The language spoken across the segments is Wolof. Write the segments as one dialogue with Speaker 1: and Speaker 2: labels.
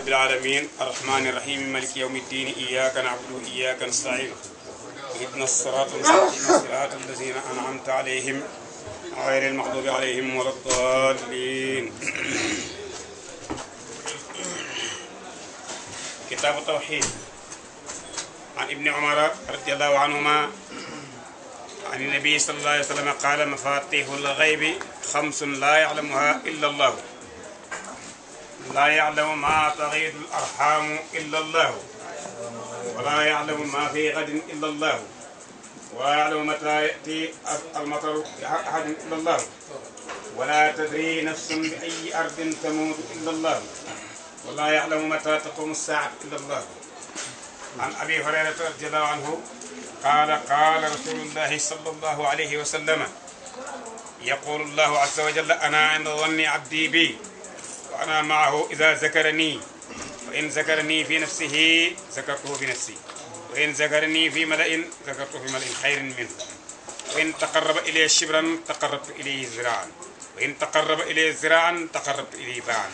Speaker 1: رب العالمين الرحمن الرحيم مالك يوم الدين إياك نعبد وإياك نستعين اهدنا الصراط المستقيم صراط الذين أنعمت عليهم غير المغضوب عليهم ولا الضالين كتاب التوحيد عن ابن عمر رضي الله عنهما عن النبي صلى الله عليه وسلم قال مفاتيح الغيب خمس لا يعلمها إلا الله لا يعلم ما تغيد الأرحام إلا الله ولا يعلم ما في غد إلا الله ولا يعلم متى يأتي المطر أحد إلا الله ولا تدري نفس بأي أرض تموت إلا الله ولا يعلم متى تقوم الساعة إلا الله عن أبي هريرة رضي الله عنه قال قال رسول الله صلى الله عليه وسلم يقول الله عز وجل أنا عند ظن عبدي بي وأنا معه إذا ذكرني وإن ذكرني في نفسه ذكرته في نفسي وإن ذكرني في ملأ ذكرته في ملأ خير منه وإن تقرب إلي شبرا تقربت إليه ذراعا وإن تقرب إلي ذراعا تقربت إليه باعا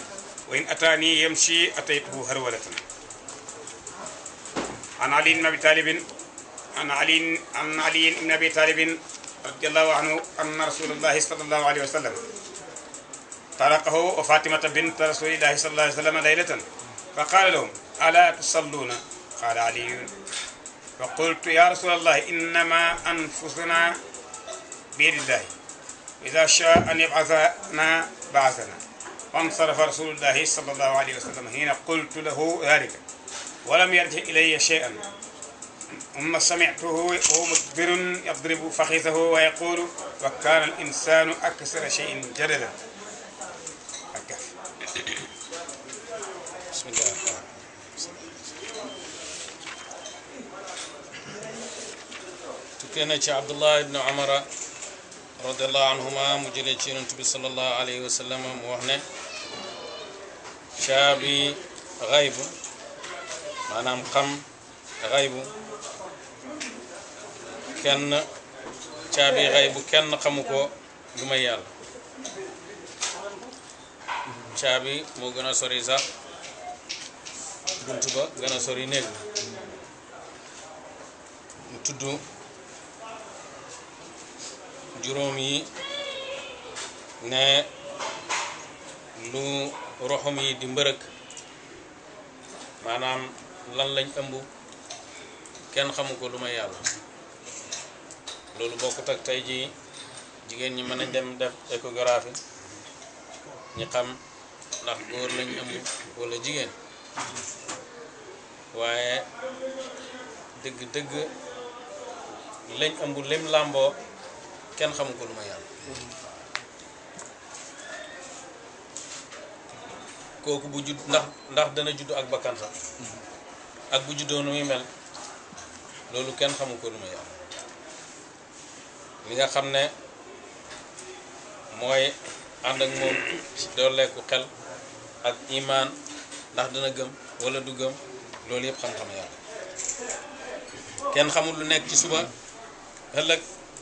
Speaker 1: وإن أتاني يمشي أتيته هرولة عن علي بن أبي طالب عن علي عن علي بن أبي طالب رضي الله عنه أن رسول الله صلى الله عليه وسلم طلقه وفاطمة بنت رسول الله صلى الله عليه وسلم ليلة فقال لهم ألا تصلون قال علي فقلت يا رسول الله إنما أنفسنا بيد الله إذا شاء أن يبعثنا بعثنا فانصرف رسول الله صلى الله عليه وسلم حين قلت له ذلك ولم يرجع إلي شيئا ثم سمعته وهو مدبر يضرب فخذه ويقول وكان الإنسان أكثر شيء جردا
Speaker 2: kene ci abdullah ibnu umara radiallahu anhuma mu jëlee ci yonent bi salallahu alayhi wa sallam mu wax ne caabi xaybu maanaam xam xaybu kenn caabi xaybu kenn xamu ko lu may yàlla caabi moo gën a sori sax bunt ba gën a sori néeg mu tudd juróom yi ne lu roxum yi di mbërëg maanaam lan lañ ëmb kenn xamu ko lu ma yàlla loolu bokkut ak tey jii jigéen ñi mën a dem def échographie ñi xam ndax góor lañ ëmb walla jigéen waaye dëgg-dëgg lañ ëmb lim làmboo kenn xamu ko lu ma yàlla kooku bu judd ndax ndax dana judd ak bakkan ak bu juddoo nu muy mel loolu kenn xamu ko lu ma yàlla li nga xam ne mooy ànd ak moom dooleeku xel ak imaan ndax dana gëm walla du gëm loolu yëpp xam-xam yàlla kenn xamul lu nekk ci suba ëllëg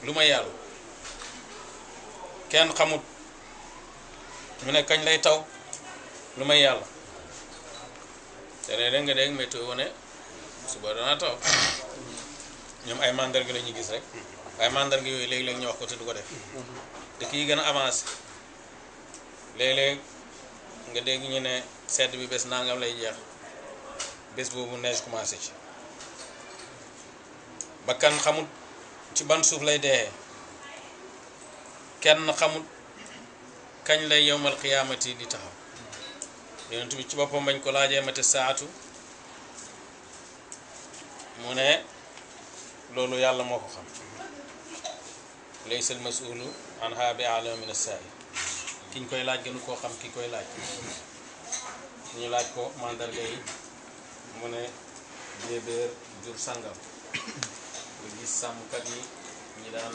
Speaker 2: lu ma yàlla kenn xamut mu ne kañ lay taw lu may yàlla te léeg-léeg nga dégg météo wane suba danaa taw ñoom ay mandarga la ñuy gis rek waaye mandarga yooyu léeg-léeg ñu wax ko te du ko def dëkk yi gën a avance léeg-léeg nga dégg ñu ne sedd bi bés nangam lay jeex bés boobu neige commencé ci kan xamut ci ban suuf lay dee. kenn xamul kañ lay yowmal qiyaamati di taxaw yonent bi ci boppam bañ ko laajee mate saatu mu ne loolu yàlla moo ko xam laysa al masulu anha bi alama min asaail kiñ koy laaj gënu koo xam ki koy laaj ñu laaj ko mandarga yi mu ne jéebéer jur sàngam nga gis sàmmkat yi ñi daan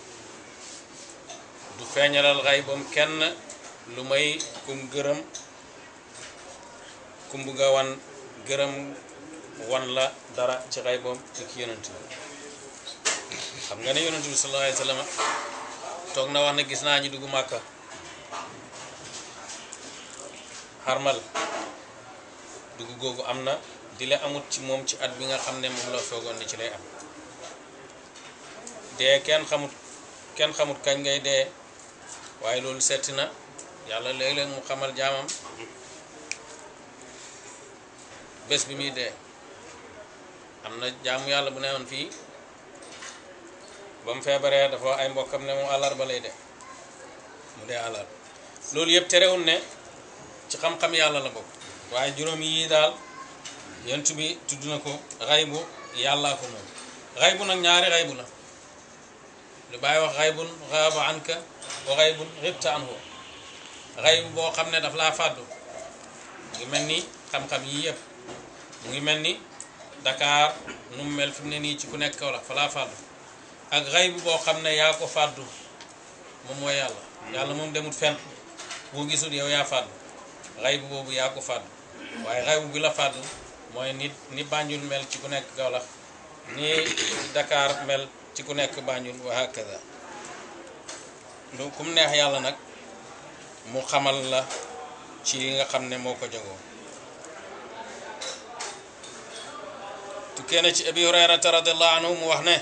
Speaker 2: du feeñalal xaybam kenn lu may kum gërëm kumb nga wan gërëm wan la dara ci xaybam ak yonent bi xam nga ne yonent bi sallallahu alayhi toog na wax ne gis naa ñu dugg màkka xarmal dugg googu am na di la amut ci moom ci at bi nga xam ne moom la foogoon ne ci lay am dee kenn xamut kenn xamut kañ ngay dee waaye loolu setti na yàlla léeg-léeg mu xamal jaamam bés bi muy dee am na jaamu yàlla bu newoon fii ba mu feebaree dafa ay mbokkam ne mu ba lay dee mu dee àllarba loolu yëpp terewul ne ci xam-xam yàlla la bokk waaye juróom yii daal yent bi tudd na ko xaybu yàllaa ko moom xaybu nag ñaari xaybu la lu bàyyi wax xaybun xaaba anka wa xaybun xibta anhu xayb boo xam ne daf laa fàddu mu ngi mel ni xam-xam yi yépp mu ngi mel ni Dakar nu mel fi ne nii ci ku nekk kaw fa laa fàddu ak xayb boo xam ne yaa fàddu moom mooy yàlla boo gisul yow yaa fàddu xayb boobu yaa ko fàddu waaye xayb bi la fàddu mooy nit ni Banjul mel ci ku nekk Kaolack ni Dakar mel ci ku nekk Banjul wa hakaza lu kum neex yàlla nag mu xamal la ci li nga xam ne moo ko jogoo tukkee na ci abi hurayrata radiallahu anhu mu wax ne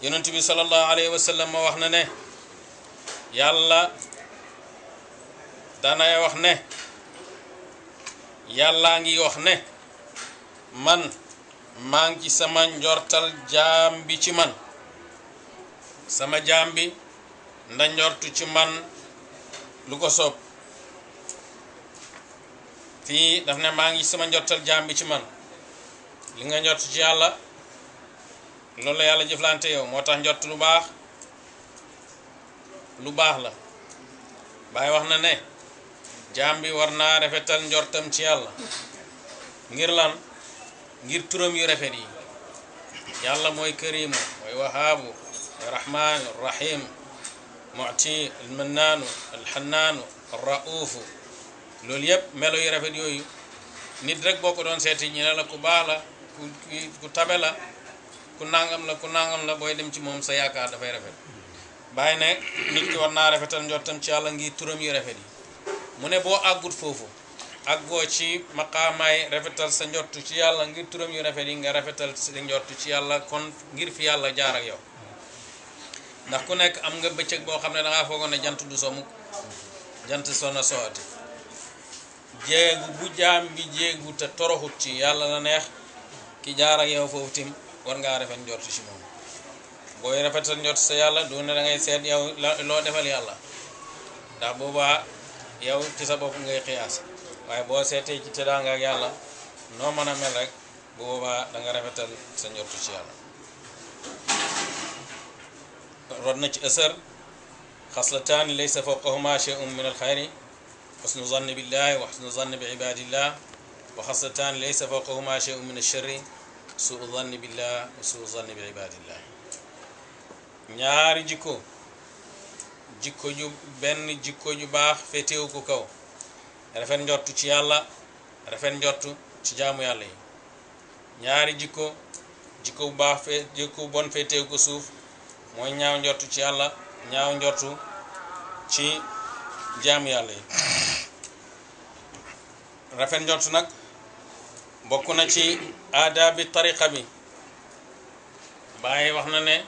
Speaker 2: yonent bi salallahu alayhi wa wax na ne yàlla danay wax ne yàllaa ngi wax ne man maa ngi ci sama njortal jaam bi ci man sama jaam bi nda njortu ci man lu ko soob fii daf ne maa ngi sama njortal jaam bi ci man li nga njort ci yàlla loolu yàlla jëflante yow moo tax njort lu baax lu baax la Baay wax na ne jaam bi war naa rafetal njortam ci yàlla ngir lan ngir turoom yu rafet yi yàlla mooy karimu mooy wahaabu mooy rahmaanu rahim muti almannaanu alxannaanu arraufu loolu yëpp melo yu rafet yooyu nit rek boo ko doon seeti ñu ne la ku baax la ku ku tabe la ku nangam la ku nangam la booy dem ci moom sa yaakaar dafay rafet bàyyi ne nit ki war naa rafetal njottam ci yàlla ngir turam yu rafet yi mu ne boo àggut foofu ak àggoo ci maqaamaay rafetal sa njortu ci yàlla ngir turam yu rafet yi nga rafetal sa njortu ci yàlla kon ngir fi yàlla jaar ak yow ndax ku nekk am nga bëccëg boo xam ne dangaa foogoon ne jant du so jant sona sooti jéegu jaam bi jéegu te toroxut ci yàlla la neex ki jaar ak yow foofu tim war ngaa rafet njortu ci moom booy rafetal njortu sa yàlla doo ne da ngay seet yow loo defal yàlla ndax boobaa yow ci sa bopp ngay xiyaas waaye boo seetee ci tëddaanga ak yàlla noo mën a mel rek bu boobaa da nga rafetal sa njortu ci yàlla rod na ci ësër xaslataani laysa fawqahuma shay'un min alxayri xusnu zanni billahi wa xusnu zanni bi ibadillah wa xaslataani laysa fawqahuma shay'un min alsharri suu zanni billah wa suu zanni bi ibadillah ñaari jikko jikko ju benn jikko ju baax féetewu ko kaw rafet njortu ci yàlla rafet njortu ci jaamu yàlla yi ñaari jikko jikko bu baax fee jikko bon féetewu ko suuf mooy ñaaw njortu ci yàlla ñaaw njortu ci jaamu yàlla yi rafet njortu nag bokk na ci aadaabi tariqa bi bàyyi wax na ne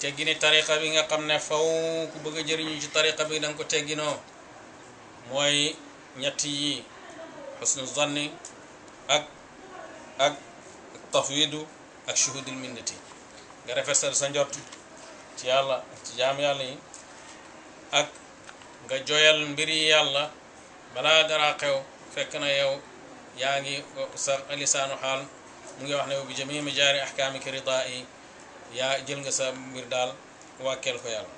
Speaker 2: teggini tariqa bi nga xam ne faw ku bëgg a jëriñu ci tariqa bi da ko tegginoo mooy ñetti yi xusnu zanni ak ak tafwidu ak shuhudil minnati nga rafetal sa njort ci yàlla ci yàlla yi ak nga joyal mbiri yàlla balaa dara xew fekk na yow yaa ngi sa lisaanu xaal mu ngi wax ne bi jamimi jaari ahkaamika ridaa yi yaa jël nga sa mbir daal ko yàlla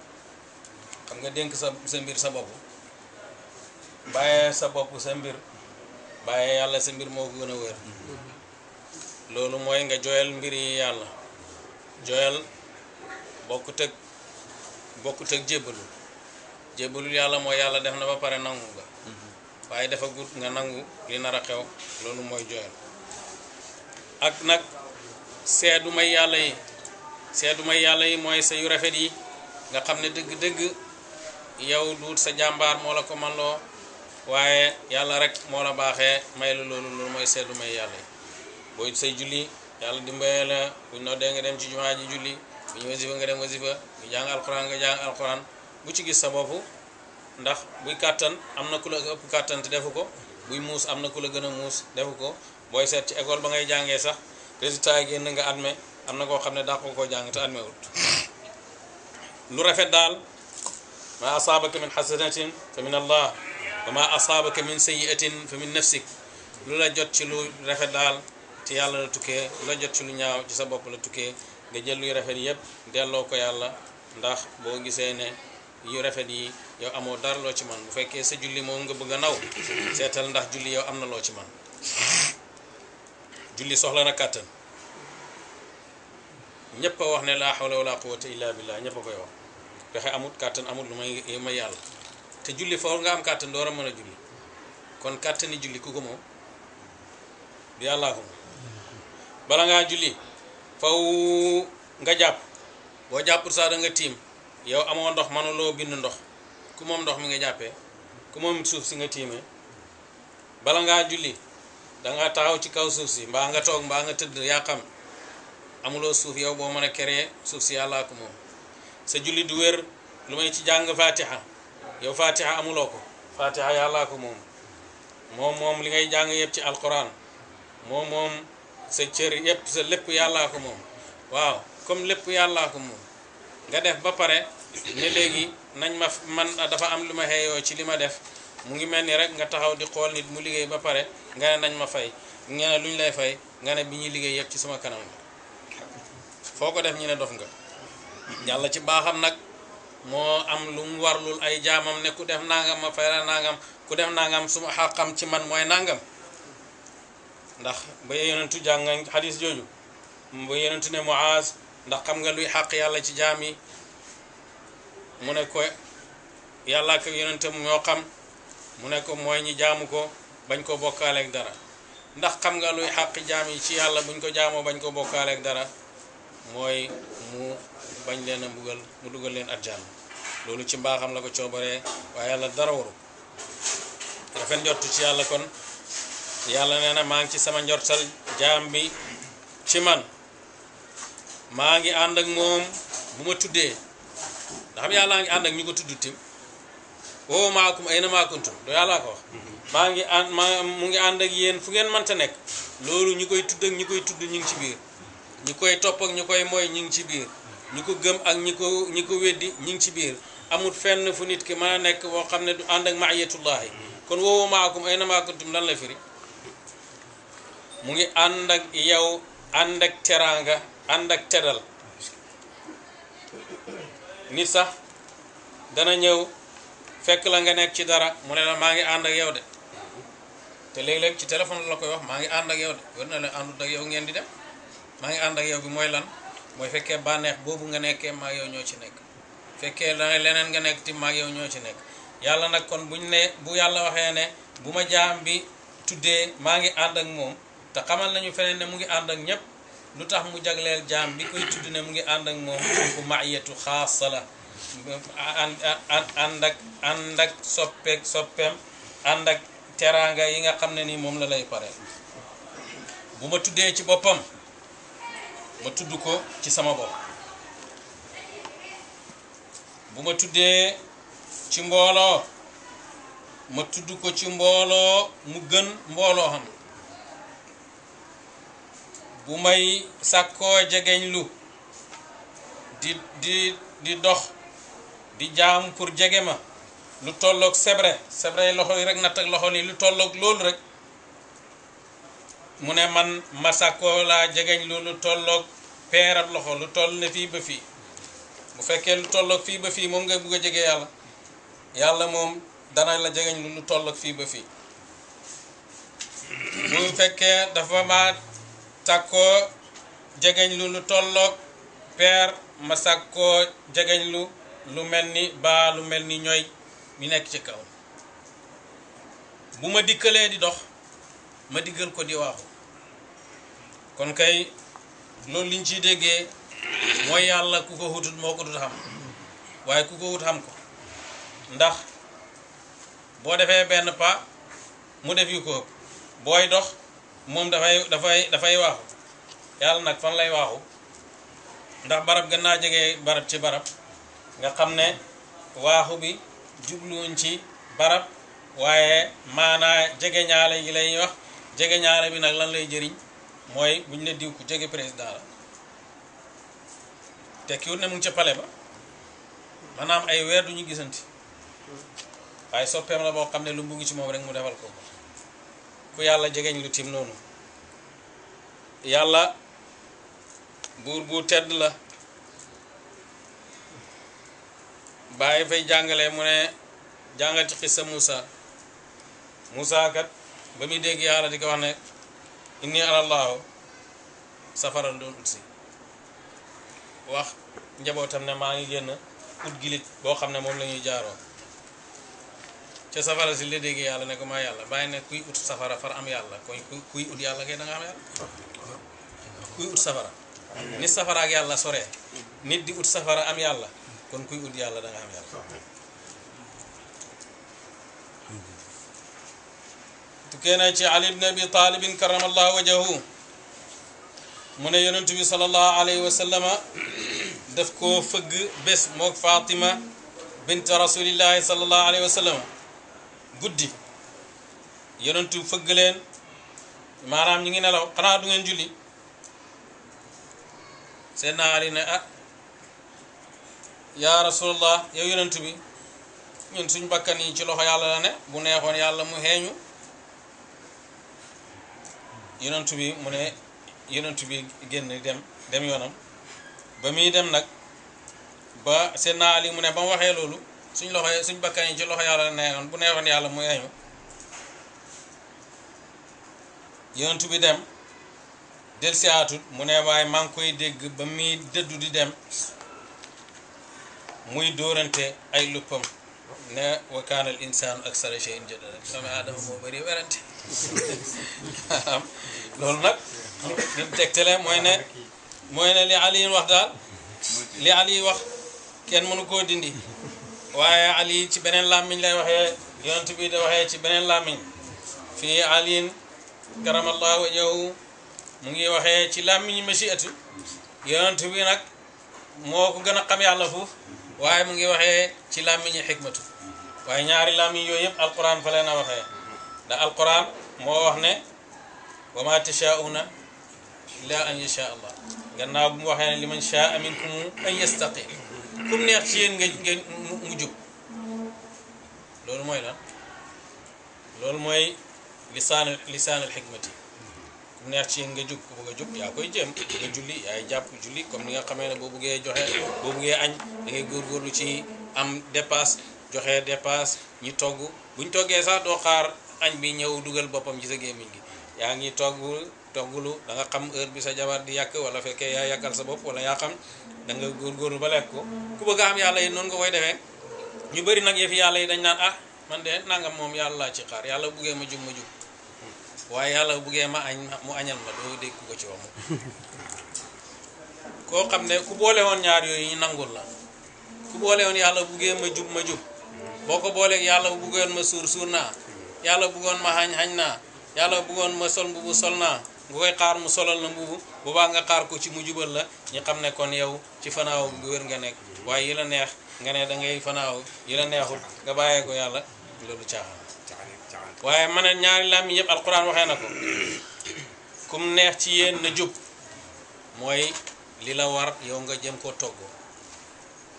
Speaker 2: nga dénk mbir sa bopp bàyyee sa bopp sa mbir bàyyee yàlla sa mbir moo gën a wér loolu mooy nga jooyal mbir yi yàlla jooyal bokkut ak bokkut ak jébbalul jébbalul yàlla mooy yàlla def na ba pare nangu nga waaye dafa gut nga nangu li nar a xew loolu mooy jooyal ak nag seedu may yàlla yi seedu may yàlla yi mooy sa yu rafet yi nga xam ne dëgg-dëgg yow duut sa jàmbaar moo la ko maloo waaye yàlla rek moo la baaxee may la loolu loolu mooy seetlu may yàlla yi booy say julli yàlla dimbalee la bu ñu noddee nga dem ci jumaa ji julli bu ñu wasifa nga dem wasifa bu jàng alxuraan nga jàng alxuraan bu ci gis sa bopp ndax buy kàttan am na ku la ëpp kàttan te defu ko buy muus am na ku la gën a muus defu ko booy seet ci école ba ngay jàngee sax résultat yi génn nga adme am na koo xam ne dàq ko koo jàng te adme lu rafet daal ma asaabaka min xasanatin fa min allah wama asabaka min sayiatin fa min nafsik lu la jot ci lu rafet daal ci yàlla la tukkee lu la jot ci lu ñaaw ci sa bopp la tukkee nga jël luy rafet yëpp delloo ko yàlla ndax boo gisee ne yu rafet yi yow amoo dara loo ci man bu fekkee sa julli moom nga bëgg a naw seetal ndax julli yow am na loo ci man julli soxla na kàttan ñëpp a wax ne la xawla wala quwata illa billah ñëpp a koy wax pexe amut kàttan amut lu may may yàlla te julli fo nga am carte ndora mo julli kon ni julli ku ko bi allah ko bala nga julli fo nga japp bo japp sa da nga tim yow amoo ndox manuloo bind ndox ku mom ndox mi nga jàppee ku mom suuf si nga timé bala nga julli nga taw ci kaw suuf si mbaa nga tok mbaa nga teud ya xam amuloo suuf yow bo suuf si allah ko sa julli du lumay ci jang fatiha yow fatiha amuloo ko fatiha yàllaa ko moom moom moom li ngay jàng yëpp ci alquran moom moom sa cër yëpp sa lépp yàllaa moom waaw comme lépp yàllaa ko moom nga def ba pare ne léegi nañ ma man dafa am lu ma xeeyoo ci li ma def mu ngi mel ni rek nga taxaw di xool nit mu liggéey ba pare nga ne nañ ma fay nga ne luñ lay fay nga ne bi ñuy liggéey yëpp ci sama kanam la foo ko def ñu ne dof nga yàlla ci baaxam nag moo am lu mu warlul ay jaamam ne ku def nangam ma fay la nangam ku def nangam suma xaqam ci man mooy nangam ndax ba yonentu jàng xadis jooju ba yonentu ne Muaz ndax xam nga luy xaq yàlla ci jaam yi mu ne ko yàlla ak yonentam ñoo xam mu ne ko mooy ñi jaamu ko bañ ko bokkaaleeg dara ndax xam nga luy xàq jaam yi ci yàlla buñ ko jaamoo bañ ko bokkaaleeg dara mooy mu bañ leen a mbugal mu dugal leen arjana loolu ci mbaaxam la ko coobaree waaye yàlla dara waru rafet njort ci yàlla kon yàlla nee na maa ngi ci sama njortal jaam bi ci man maa ngi ànd ak moom bu ma tuddee ndax xam yàlla ngi ànd ak ñu ko tudd tim oo maakum ay na maakuntum do yàlla ko wax maa ngi ànd maa mu ngi ànd ak yéen fu ngeen mënta nekk loolu ñu koy tudd ak ñu koy tudd ñu ngi ci biir ñu koy topp ak ñu koy mooy ñu ngi ci biir ñi ko gëm ak ñi ko ñi ko weddi ñi ngi ci biir amul fenn fu nit ki mën a nekk woo xam ne du ànd ak maayatullahi kon woowu maakum ay na maakuntum lan la firi mu ngi ànd ak yow ànd ak teraanga ànd ak teral nit sax dana ñëw fekk la nga nekk ci dara mu ne la maa ngi ànd ak yow de te léeg-léeg ci téléphone la koy wax maa ngi ànd ak yow de war na la àndut ak yow ngeen di dem maa ngi ànd ak yow bi mooy lan mooy fekkee bànneex boobu nga nekkee maag yow ñoo ci nekk fekkee da leneen nga nekk ti maag yow ñoo ci nekk yàlla nag kon bu ñu ne bu yàlla waxee ne bu ma jaam bi tuddee maa ngi ànd ak moom te xamal nañu feneen ne mu ngi ànd ak ñépp lu tax mu jagleel jaam bi koy ne mu ngi ànd ak moom bu maayatu xaasa la ànd ak ànd soppeek soppeem ànd ak teraanga yi nga xam ne nii moom la lay pare bu ma tuddee ci boppam ma tudd ko ci sama bopp bu ma tuddee ci mbooloo ma tudd ko ci mbooloo mu gën mbooloo xam bu may sàkkoo jegeñ lu di di di dox di jaam pour jege ma lu tollook sebre sebre yi loxo yi rek natt ak loxo nii lu tollook loolu rek mu ne man masako laa jegeñ lu lu tolloog peerab loxo lu toll ne fii ba fii bu fekkee lu tolloog fii ba fii moom nga bugg a jege yàlla yàlla moom dana la jegeñ lu lu fii ba fii bu fekkee dafa ma sàkkoo jegeñ lu lu tolloog peer ma sàkkoo jegeñ lu lu mel ni baa lu mel ni ñooy mi nekk ci kaw bu ma dikkalee di dox ma diggal ko di waaxu kon kay loolu liñ ci déggee mooy yàlla ku ko xutut moo ko tut xam waaye ku ko wut xam ko ndax boo defee benn pas mu def yu ko booy dox moom dafay dafay dafay waaxu yàlla nag fan lay waaxu ndax barab gën naa jege barab ci barab nga xam ne waaxu bi jubluwuñ ci barab waaye maanaa jege ñaale gi lay wax jege ñaale bi nag lan lay jëriñ mooy bu ñu ne diw ku jege président la tekkiwut ne mu ca pale ba maanaam ay weer du ñu gisanti waaye soppeem la boo xam ne lu mu ngi ci moom rek mu defal ko ku yàlla jegeñ lu tim noonu yàlla buur bu tedd la bàyyi fay jàngale mu ne jàngal ci xissa Moussa Moussa kat ba muy dégg yàlla di ko wax ne inni anallahu safaran doon ut si wax njabootam ne maa ngi génn ut gilit boo xam ne moom lañuy ñuy ca safara si la yàlla ne ko maa yàlla bàyyi ne kuy ut safara far am yàlla koy kuy ut yàlla kay da am yàlla safara ni safara di ut safara am yàlla kon kuy ut yàlla da nga am yàlla tukkee na ci ali ibn abi talibin karamallahu wajahu mu ne yonentu bi salallahu alayhi wa sallama daf koo fëgg bés mook fatima bint rasulillahi salallahu alayhi guddi yonentu fëgg leen maanaam ñu ngi nelaw xanaa du ngeen julli seydna ali ne ah yaa rasulallah yow yonent bi ñun suñ bakkan yi ci loxo yàlla la ne bu neexoon yàlla mu xeeñu yonentu bi mu ne yonentu bi génn dem dem yoonam ba muy dem nag ba seen naa Ali mu ne ba mu waxee loolu suñ loxo suñ bakkan yi ci loxo yàlla neexoon bu neexoon yàlla muy eeñu yonentu bi dem si siaatut mu ne waaye maa ngi koy dégg ba muy dëddu di dem
Speaker 1: muy dóorante
Speaker 2: ay luppam ne wa kaana al insanu aksara shay'in jadala doomu aadama moo bëri werante am loolu nag li mu tegtale mooy ne mooy ne li ali wax daal li ali wax kenn mënu koo dindi waaye ali ci beneen làmmiñ lay waxee yonent bi da waxee ci beneen làmmiñ fii aliin karamallahu wajhahu mu ngi waxee ci làmmiñ mashiatu yonent bi nag moo ko gën a xam yàlla foofu waaye mu ngi waxee ci làmmiñi xikmatu waaye ñaari làmmiñ yooyu yëpp alquran fa leen a waxee ndax alquran moo wax ne wa ma tashaauna illa an yasha allah gannaaw bu mu waxee ne li man shaa minkum an yastaqim ku mu neex ci yéen nga ngeen mu jub loolu mooy lan loolu mooy lisaan lisaan al xikmati ku mu neex ci yéen nga jub ku bëgg a jub yaa koy jéem nga julli yaay jàpp julli comme ni nga xamee ne boo bëggee joxe boo bëggee añ da ngay góorgóorlu ci am dépasse joxe dépasse ñi togg buñ toggé sax do xaar xagn bi ñew duggal bopam ci sa gaming gi ya ngi togg toggulu da nga xam heure bi sa jabar di yak wala fekke ya yakal sa bop wala ya xam da nga góorgóorlu ba lek ko ku bëgg a am yalla yi noonu nga koy défé ñu bari nak yef yalla yi dañ ah man de nangam mom yalla ci xaar yalla ma jum ma jum waye yalla buggee ma añ mu añal ma do dégg ko ci wam ko xam ku bolé won ñaar yoy ñi nangul la ku bolé won yalla ma jum ma jum boo ko booleeg yàlla bëggoon ma suur suur naa yàlla bëggoon ma xañ xañ naa yàlla bëggoon ma sol mbubu sol naa nga koy xaar mu solal la mbubu boobaa nga xaar ko ci mu jubal la ñu xam ne kon yow ci fanaaw bu wér nga nekk waaye yi la neex nga ne da ngay fanaaw yi la neexul nga bàyyee ko yàlla loolu caaxaan waaye ma na ñaari làmmiñ yëpp alquran waxee na ko kum neex ci yéen na jub mooy li la war yow nga jëm koo toggoo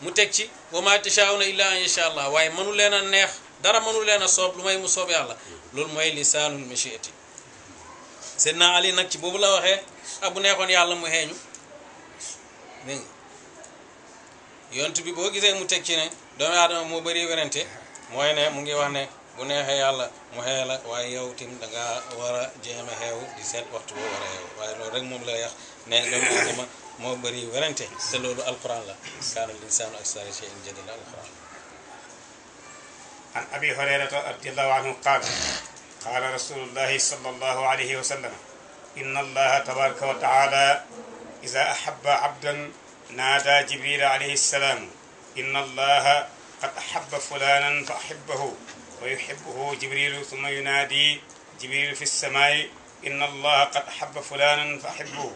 Speaker 2: mu teg ci boo ma tashauna illa an yasha allah waaye mënu leen a neex dara manul leen a soob lu may mu soob yàlla loolu mooy lisaanul mashiati Seydina Ali nag ci boobu la waxee ah, bu neexoon yàlla mu xeeñu yont bi boo gisee mu teg ci ne doomu aadama moo bëri werante mooy ne mu ngi wax ne bu neexee yàlla mu xee la waaye yow tim da ngaa war a jéem a xeew di seet waxtu boo war a waaye loolu rek moom la yàq نعم doomu aadama moo bëri werante te loolu alquran la kaana linsaanu aksara
Speaker 1: عن أبي هريرة رضي الله عنه قال قال رسول الله صلى الله عليه وسلم إن الله تبارك وتعالى إذا أحب عبدا نادى جبريل عليه السلام إن الله قد أحب فلانا فأحبه ويحبه جبريل ثم ينادي جبريل في السماء إن الله قد أحب فلانا فأحبه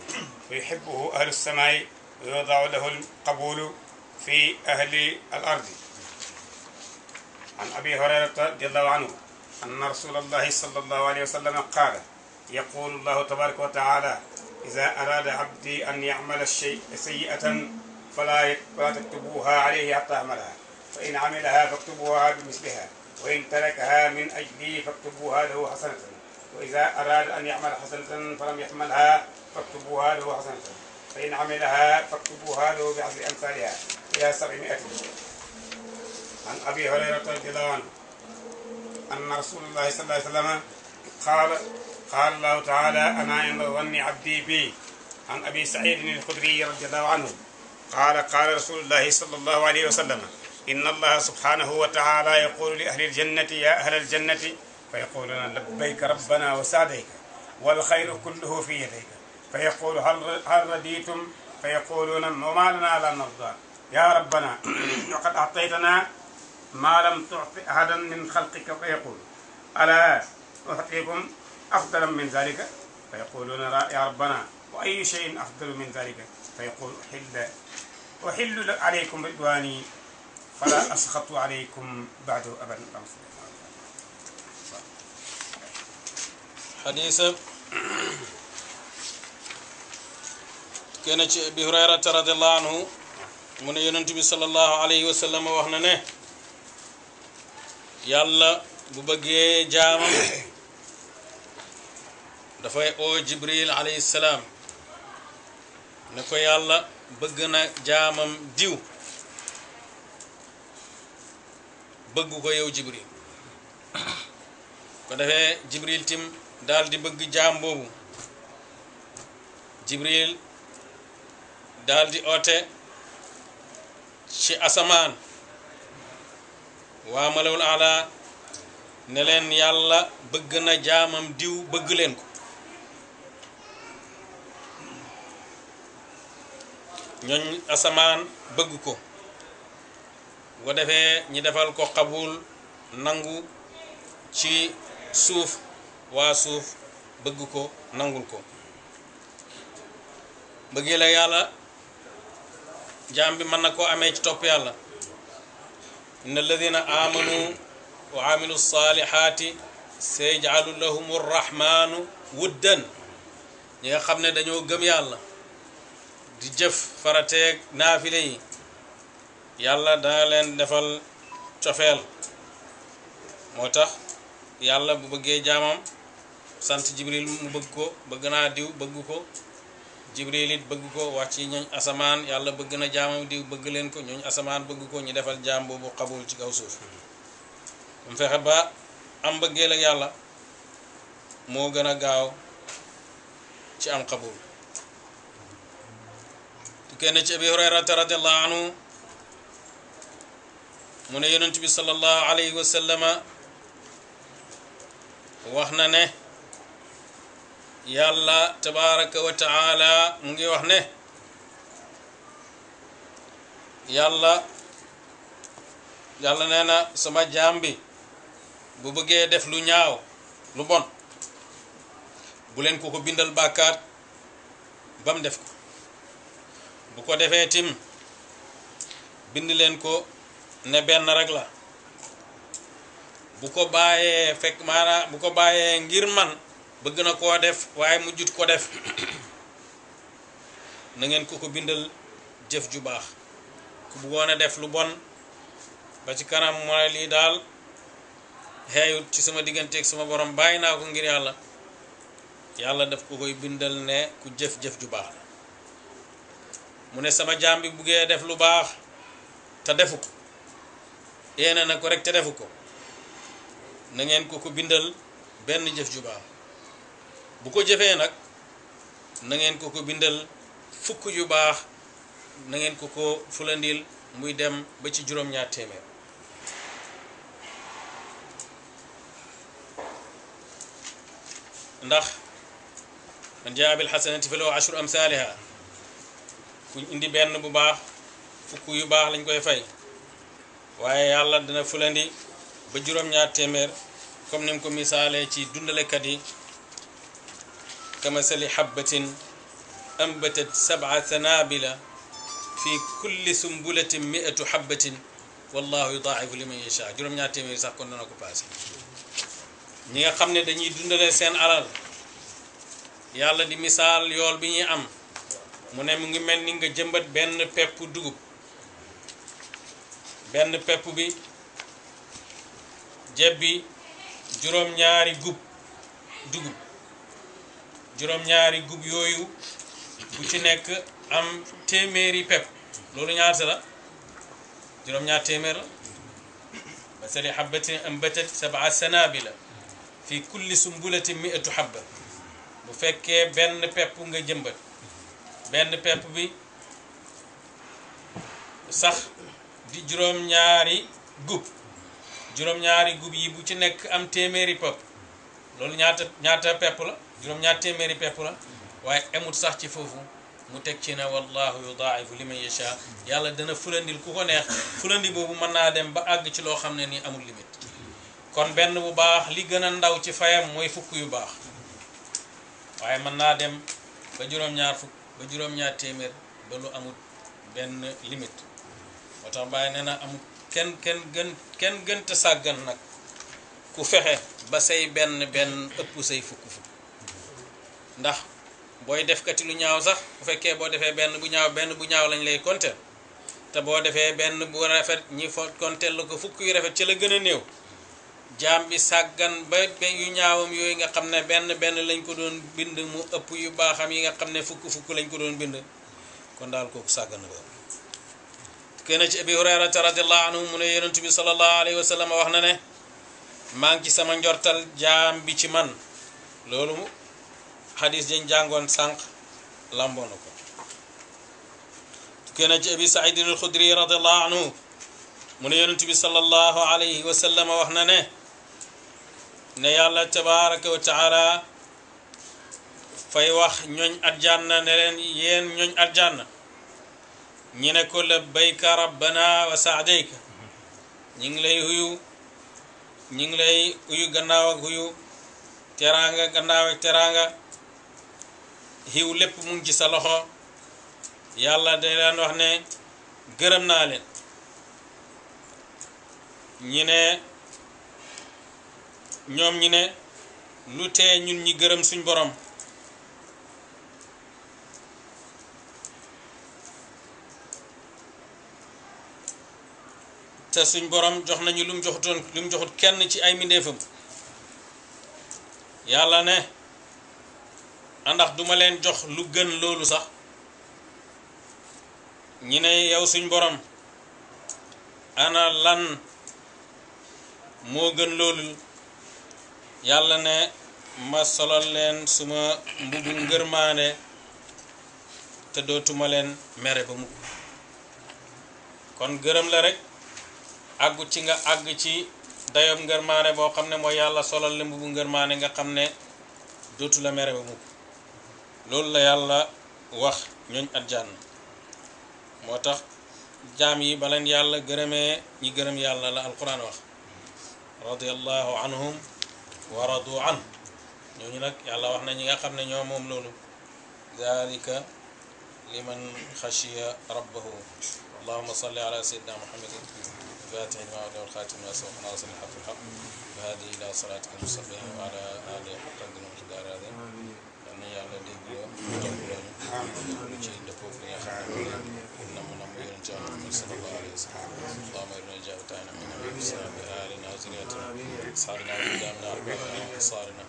Speaker 1: فيحبه أهل السماء ويوضع له القبول في أهل الأرض عن أبي هريرة رضي الله عنه أن رسول الله صلى الله عليه وسلم قال يقول الله تبارك وتعالى إذا أراد عبدي أن يعمل الشيء سيئة فلا فلا تكتبوها عليه حتى يعملها فإن عملها فاكتبوها بمثلها وإن تركها من أجلي فاكتبوها له حسنة وإذا أراد أن يعمل حسنة فلم يحملها فاكتبوها له حسنة فإن عملها فاكتبوها له بعشر أمثالها إلى سبعمائة عن أبي هريرة رضي الله عنه أن رسول الله صلى الله عليه وسلم قال قال الله تعالى أنا عند ظن عبدي بي عن أبي سعيد الخدري رضي الله عنه قال قال رسول الله صلى الله عليه وسلم إن الله سبحانه وتعالى يقول لأهل الجنة يا أهل الجنة فيقولون لبيك ربنا وسعديك والخير كله في يديك فيقول هل هل رديتم فيقولون وما لنا لا نرضى يا ربنا وقد اعطيتنا ما لم تعط احدا من خلقك فيقول الا اعطيكم افضلا من ذلك فيقولون يا ربنا واي شيء افضل من ذلك فيقول احل احل عليكم رضواني فلا اسخط عليكم بعد ابدا حديث
Speaker 2: كان أبي هريرة رضي الله عنه من ينتبه صلى الله عليه وسلم وحنا نه yàlla bu bëggee jaamam dafay oo jibril alayhi salaam ne ko yàlla bëgg na jaamam diw bëgg ko yow jibril ko defee jibril tim daldi bëgg jaam boobu jibril daal di ci asamaan waa malawul ala ne leen yàlla bëgg na jaamam diw bëgg leen ko ñooñ asamaan bëgg ko bu ko defee ñi defal ko xabul nangu ci suuf waa suuf bëgg ko nangul ko mbëggee la yàlla jaam bi mën na koo amee ci topp yàlla inna alladina amanu wa amilu salihaati sayjaalu lahum rahmaanu wuddan ñi nga xam ne dañoo gëm yàlla di jëf farateeg naafile yi yàlla daa leen defal cofeel moo tax yàlla bu bëggee jaamam sant jibril mu bëgg ko bëgg naa diw bëgg ko jibril it bëgg ko wax ci ñooñ asamaan yàlla bëgg na jaamam diw bëgg leen ko ñooñ asamaan bëgg ko ñu defal jaam boobu xabul ci kaw suuf mu fexe ba am bëggeel ak yàlla moo gën a gaaw ci am xabul tukkee na abi hurayrata radiallahu anhu mu ne yonent bi sallallahu alayhi wa wax na ne yàlla tabaraka wa taala mu ngi wax ne yàlla yàlla nee na sama jaam bi bu bëggee def lu ñaaw lu bon bu leen ko ko bindal bàkkaat ba def bu ko defee tim bind leen ko ne benn rek la bu ko bàyyee fekk maanaam bu ko bàyyee ngir man bëgg na koo def waaye mujjut ko def na ngeen ko ko bindal jëf ju baax ku bëggoon a def lu bon ba ci kanam mooy lii daal xeeyut ci sama digganteeg sama borom bàyyi naa ko ngir yàlla yàlla daf ko koy bindal ne ku jëf-jëf ju baax mu ne sama jaam bi buggee def lu baax te defu ko yéene na ko rek te defu ko na ngeen ko ko bindal benn jëf ju baax bu ko jëfee nag na ko ko bindal fukk yu baax na ko ko fulandil muy dem ba ci juróom-ñaar téeméer ndax man jaa bil xasanati falahu ashru amsaaliha kuñ indi benn bu baax fukk yu baax lañ koy fay waaye yàlla dina fulendi ba juróom-ñaar téeméer comme ni mu ko misaalee ci dundalekat yi kamasali xabbatin ambatat sabca sanabila fi kulli sumbulatin miatu xabbatin wallahu yudaaifu liman yasha juróom-ñaar téeméeri sax kon dana ko passé ñi nga xam ne dañuy dundale seen alal yàlla di misaal yool bi ñuy am mu ne mu ngi mel ni nga jëmbat benn pepp dugub benn pepp bi jebbi juróom-ñaari gub dugub juróom-ñaari gub yooyu bu ci nekk am téeméeri pepp loolu ñaata la juróom-ñaar téeméer la masali xabatin ambatat sabaa sanabila fi kulli sumbulatin miatu xabba bu fekkee benn pepp nga jëmbat benn pepp bi sax di juróom-ñaari gub juróom-ñaari gub yi bu ci nekk am téeméeri pepp loolu ñaata ñaata pepp la juróom-ñaar téeméeri pepp la waaye amut sax ci foofu mu teg ci ne wallahu yudaaifu liman yasha yàlla dana fulandil ku ko neex fulandi boobu mën naa dem ba àgg ci loo xam ne nii amul limite kon benn bu baax li gën a ndaw ci fayam mooy fukk yu baax waaye mën naa dem ba juróom-ñaar fukk ba juróom-ñaar téeméer ba lu amul benn limite moo tax bàyyi nee na amul kenn kenn gën kenn gënte sàggan nag ku fexe ba say benn benn ëpp say fukk fukk ndax booy defkati lu ñaaw sax bu fekkee boo defee benn bu ñaaw benn bu ñaaw lañ lay compter te boo defee benn bu rafet ñi fa compter la ko fukk yu rafet ci la gën a néew jaam bi sàggan ba yu ñaawam yooyu nga xam ne benn benn lañ ko doon bind mu ëpp yu baaxam yi nga xam ne fukk fukk lañ ko doon bind kon daal kooku sàggan ba kenn ci abi hurayrata radiallahu anhu mu ne yonent bi sallallahu alayhi wa sallam wax na ne maa ngi ci sama njortal jaam bi ci man loolu حديث جن جانغون سانخ لامبونوكو كان أبي سعيد الخدري رضي الله عنه من ينتبه صلى الله عليه وسلم وحنا نه نيا الله تبارك وتعالى في وح نين أرجانا نين ين نين أرجانا نين كل بيك ربنا وسعديك نين لي هيو نين لي هيو غناوك هيو تيرانغا غناوك تيرانغا xiw lépp mu ngi ci sa loxo yàlla day leen wax ne gërëm naa leen ñi ne ñoom ñi ne lu tee ñun ñi gërëm suñ borom te suñ borom jox nañu lu mu joxutoon lu joxut kenn ci ay mindeefam yàlla ne andax ah, duma leen jox lu gën loolu sax ñi ne yow suñ borom ana lan moo gën loolu yàlla ne ma solal leen suma mbubu ngërmaane te dootuma leen mere ba mukk kon gërëm la rek àggu ci nga àgg ci dayob ngërmaane boo xam ne mooy yàlla solal la mbubu ngërmaane nga xam ne dootu la mere ba mukk لولا يلا وح نين أرجان موتاخ جامي بلن يلا جرمي يجرم يلا لا القران وح رضي الله عنهم ورضوا عنه نيو نيلك يلا وحنا نيغا خامن نيو موم لولو ذلك لمن
Speaker 3: خشي ربه اللهم صل على سيدنا محمد فاتح المعود والخاتم وسوف ناصر الحق الحق وهذه الى صلاتك المصلي وعلى اله حق الدنيا والدار العظيم yàlla dégg la ñu topp loolu ñu ci dëpp li nga xamante ne
Speaker 1: namm namm yonent ci yàlla Muhammad sallallahu alayhi wa
Speaker 3: sallam اللهم ارنا جابتنا من الاسلام بآلنا وزنيتنا اصحابنا وقدامنا اربابنا وانصارنا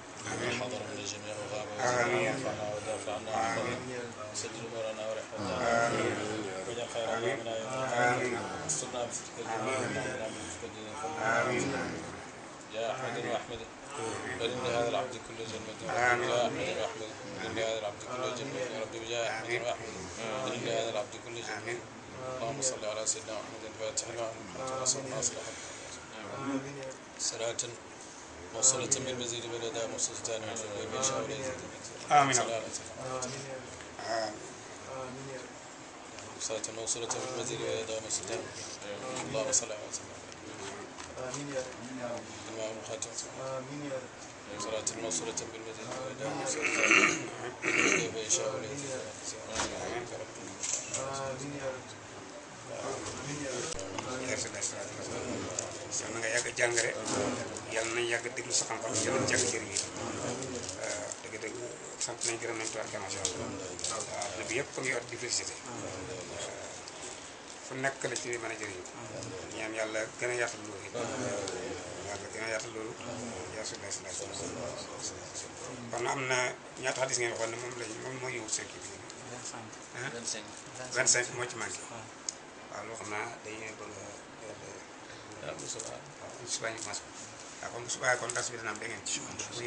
Speaker 3: حضر من الجميع وغاب وزرعنا ودافع عنا وحفظنا سجل امورنا ورحمتنا وجعل خير اعمالنا ارني هذا العبد كل جنة آمين يا أحمد ارني هذا العبد كل جنة يا ربي بجاه أحمد وأحمد ارني هذا العبد كل جنة اللهم صل على سيدنا محمد الفاتح لما أنت نصر ناصر صلاة موصلة من مزيد بلدا موصلة تاني من جنة بإن شاء الله آمين آمين صلاة موصلة من مزيد بلدا موصلة اللهم صل على سيدنا محمد آمين يا رب آمين يا رب صلاة الموصلة بالمدينة آمين يا رب آمين يا رب yal
Speaker 1: na nga yàgg jàng rek yal na di félicité fu nekk la ci mën a jëriñu ñaan yàlla gën a yaatal loolu yàlla gën a yaatal loolu yasulla sla
Speaker 3: kon am na ñaata xadis ngeen waxoon ne moom lañ moom
Speaker 1: moo yëwut seen kii bi vingt cinq moo ci manqué waaw loo xam naa dañuy bëgg waaw bu subaa waaw bu waaw kon bu bi dana am